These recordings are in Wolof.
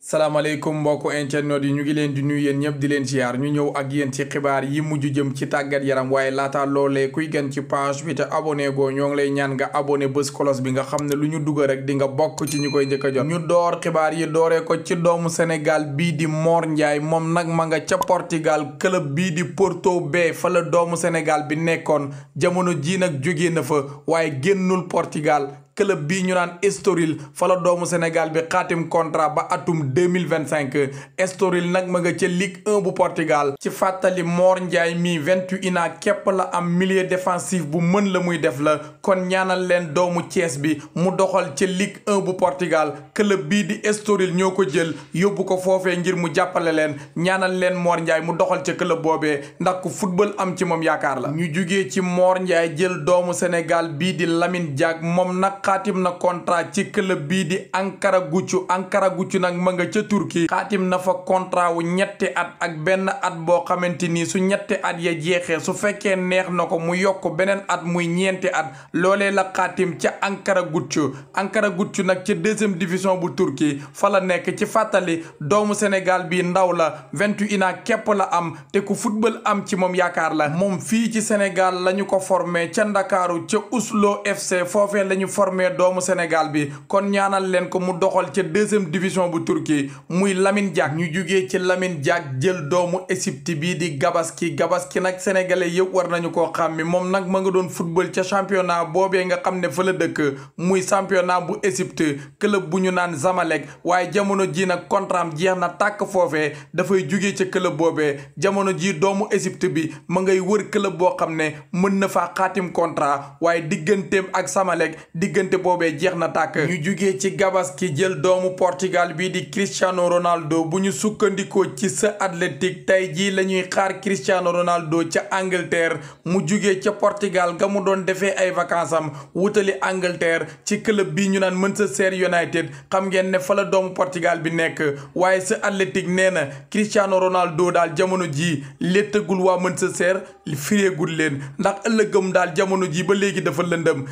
salaamaaleykum mbokku internet yi ñu ngi leen di nuyu yéen ñëpp di leen ziar ñu ñëw ak yéen ci xibaar yi mujj jëm ci tàggat yaram waaye laata loolee kuy gën ci page bi te abonné goo ñoo ngi lay ñaan nga abonné bés kolos bi nga xam ne lu ñu dugg rek di nga bokk ci ñu koy njëkk a jot ñu door xibaar yi dooree ko ci doomu Sénégal bii di moor Ndiaye moom nag ma nga ca Portugal club bii di Porto B fa la doomu Sénégal bi nekkoon jamono jii nag jógee na fa waaye génnul Portugal club bii ñu naan Estoril fa la doomu Sénégal bi xaatim contrat ba atum deux mille vingt cinq Estoril nag ma nga ca Ligue 1 bu Portugal. ci fàttali moor Ndiaye mi vingt et képp la am milieu défensif bu mën la muy def la kon ñaanal leen doomu Thiès bi mu doxal ca Ligue 1 bu Portugal club bii di Estoril ñoo ko jël yóbbu ko foofee ngir mu jàppale leen ñaanal leen Mor Ndiaye mu doxal ca club boobee ndax ku football am ci moom yaakaar la. ñu jugee ci moor Ndiaye jël doomu Sénégal bii di Lamine xaatim na kontra ci club bii di Ankara Guccu Ankara Guccu nag ma nga ca Turquie xaatim na fa contrat wu ñetti at ak benn at boo xamante ni su ñetti at ya jeexee su fekkee neex na ko mu yokk beneen at muy ñeenti at loolee la xaatim ca Ankara Guccu Ankara Guccu nag ca deuxième division bu Turquie fa la nekk ci fàttali doomu Sénégal bi ndaw la vingt-et-un képp la am te ku football am ci moom yaakaar la moom fii ci Sénégal la ñu ko formé ca Ndakaaru ca Oslo FC formé doomu Sénégal bi kon ñaanal leen ko mu doxal ca deuxième division bu Turquie muy Lamine Diack ñu jugee ci Lamine Diack jël doomu Égypte bii di Gabaski ki nag sénégalais yëpp war nañu koo xàmmi moom nag mu nga doon football ca championnat boobee nga xam ne fa dëkk muy championnat bu Égypte club bu ñu naan Zamalek waaye jamono ji nag contraam jeex na tàkk foofee dafay jugee ca club boobee jamono ji doomu Égypte bi mu ngay wër club boo xam ne mën na fa xaatim contrat waaye digganteem ak Zamalek diggante boobee jeex na tàkk ñu jugee ci gabaski jël doomu Portugal bii di Cristiano Ronaldo bu ñu sukkandikoo ci sa Athletic tey jii la ñuy xaar Cristiano Ronaldo ca Angleterre mu jugee ca Portugal nga mu doon defee ay vacances wutali Angleterre ci club bi ñu naan Manchester United xam ngeen ne fala la doomu Portugal bi nekk waaye sa Athletic nee na Cristiano Ronaldo daal jamono jii léttagul waa Manchester fireegul leen ndax ëllëgëm daal jamono ji ba léegi dafa lëndëm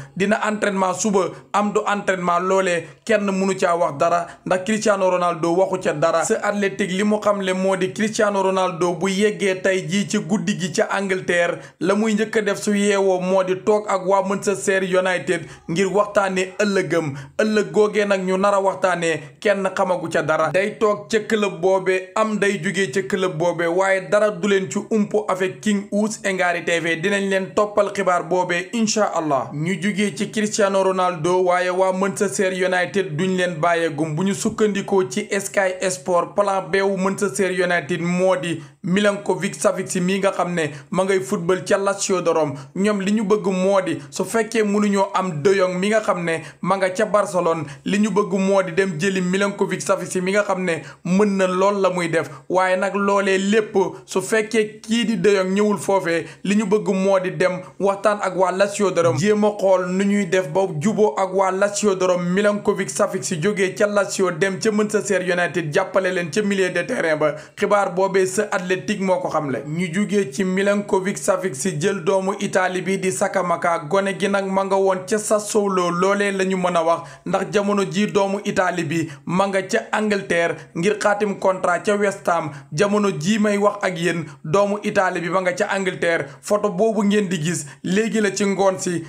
suba am du entraînement loolee kenn mënu caa wax dara ndax Cristiano Ronaldo waxu ca dara sa atlétique li mu xamle moo di Cristiano Ronaldo bu yeggee tey jii ci guddi gi ca Angleterre la muy njëkk a def su yeewoo moo di toog ak waa seer United ngir waxtaanee ëllëgëm ëllëg googee nag ñu nar a waxtaanee kenn xamagu ca dara day toog ca club boobee am day jógee ca club boobe waaye dara du leen ci ump avec King Ouse Ngary TV dinañ leen toppal xibaar boobee incha Ronaldo waaye waa Manchester United duñ leen bàyyeegum bu ñu sukkandikoo ci Sky Sport plan B wu Manchester United moo di Milankovic Savic mi nga xam ne ma ngay football ca Lazio de Rome ñoom li ñu bëgg moo di su fekkee mënuñoo am De Jong mi nga xam ne ma nga ca Barcelone li ñu bëgg moo di dem jëli Milankovic Savic mi nga xam ne mën na lool la muy def waaye nag loolee lépp su fekkee kii di De ñëwul foofee li ñu bëgg moo di dem waxtaan ak waa Lazio de Rome xool nu ñuy def ba jub juboo ak waa Lazio de Rome Milankovic Savic si jógee ca Lazio dem ca Manchester United jàppale leen ca milieu de terrain ba xibaar boobee sa Athletic moo ko xamle ñu jugee ci Milankovic Savic si jël doomu Italie bi di Sakamaka gone gi nag ma nga woon ca Sassuolo loolee la ñu mën a wax ndax jamono ji doomu Italie bi ma nga ca Angleterre ngir xaatim contrat ca West Ham jamono jii may wax ak yéen doomu Italie bi ma nga ca Angleterre photo boobu ngeen di gis léegi ci ngoon si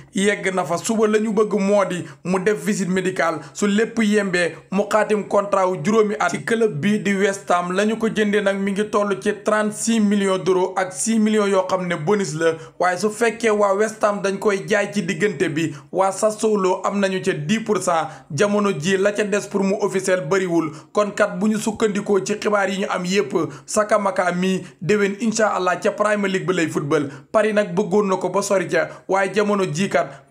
moo mu def visite médical su lépp yembee mu xaatim contrat wu juróomi at ci club bii di West Ham la ñu ko jëndee nag mi ngi toll ci trente six millions d'euros ak six millions yoo xam ne bonus la waaye su fekkee waa West dañ koy jaay ci diggante bi waa Sassuolo am nañu ca dix pour cent jamono ji la ca des pour mu officiel bëriwul kon kat bu ñu sukkandikoo ci xibaar yi ñu am yépp Saka Maka mi déwén incha allah ca Premier League bi lay football Paris nag bëggoon na ko ba sori ca waaye jamono gi ca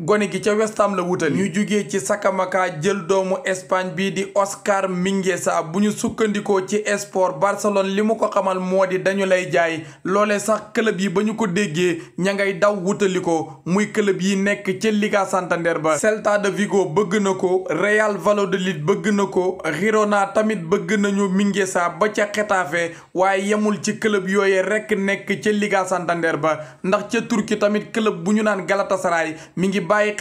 West Ham ñu jugee ci sakamaka jël doomu Espagne bi di Oscar Mingueza bu ñu sukkandikoo ci sport Barcelone li mu ko xamal moo di dañu lay jaay loole sax club yi ba ñu ko déggee ña ngay daw wutali ko muy club yi nekk ca Liga Santander ba Celta de Vigo bëgg na ko Real Valladolid bëgg na ko Girona tamit bëgg nañu Mingueza ba ca Xetafe waaye yemul ci club yooye rekk nekk ci Liga Santander ba ndax ca Turki tamit club bu ñu naan Galatasaray mi ngi bàyyi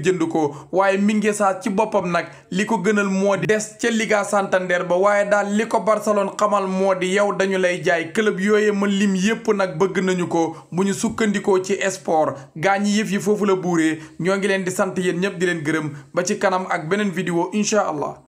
jënd ko waaye Minguesa ci boppam nag li ko gënal moo des ca Liga santandeer ba waaye daal li ko Barcelone xamal moo di yow dañu lay jaay club yooye ma lim yépp nag bëgg nañu ko bu ñu sukkandikoo ci sport gaa ñi yëf yi foofu la buuree ñoo ngi leen di sant yéen ñëpp di leen gërëm ba ci kanam ak beneen vidéo incha allah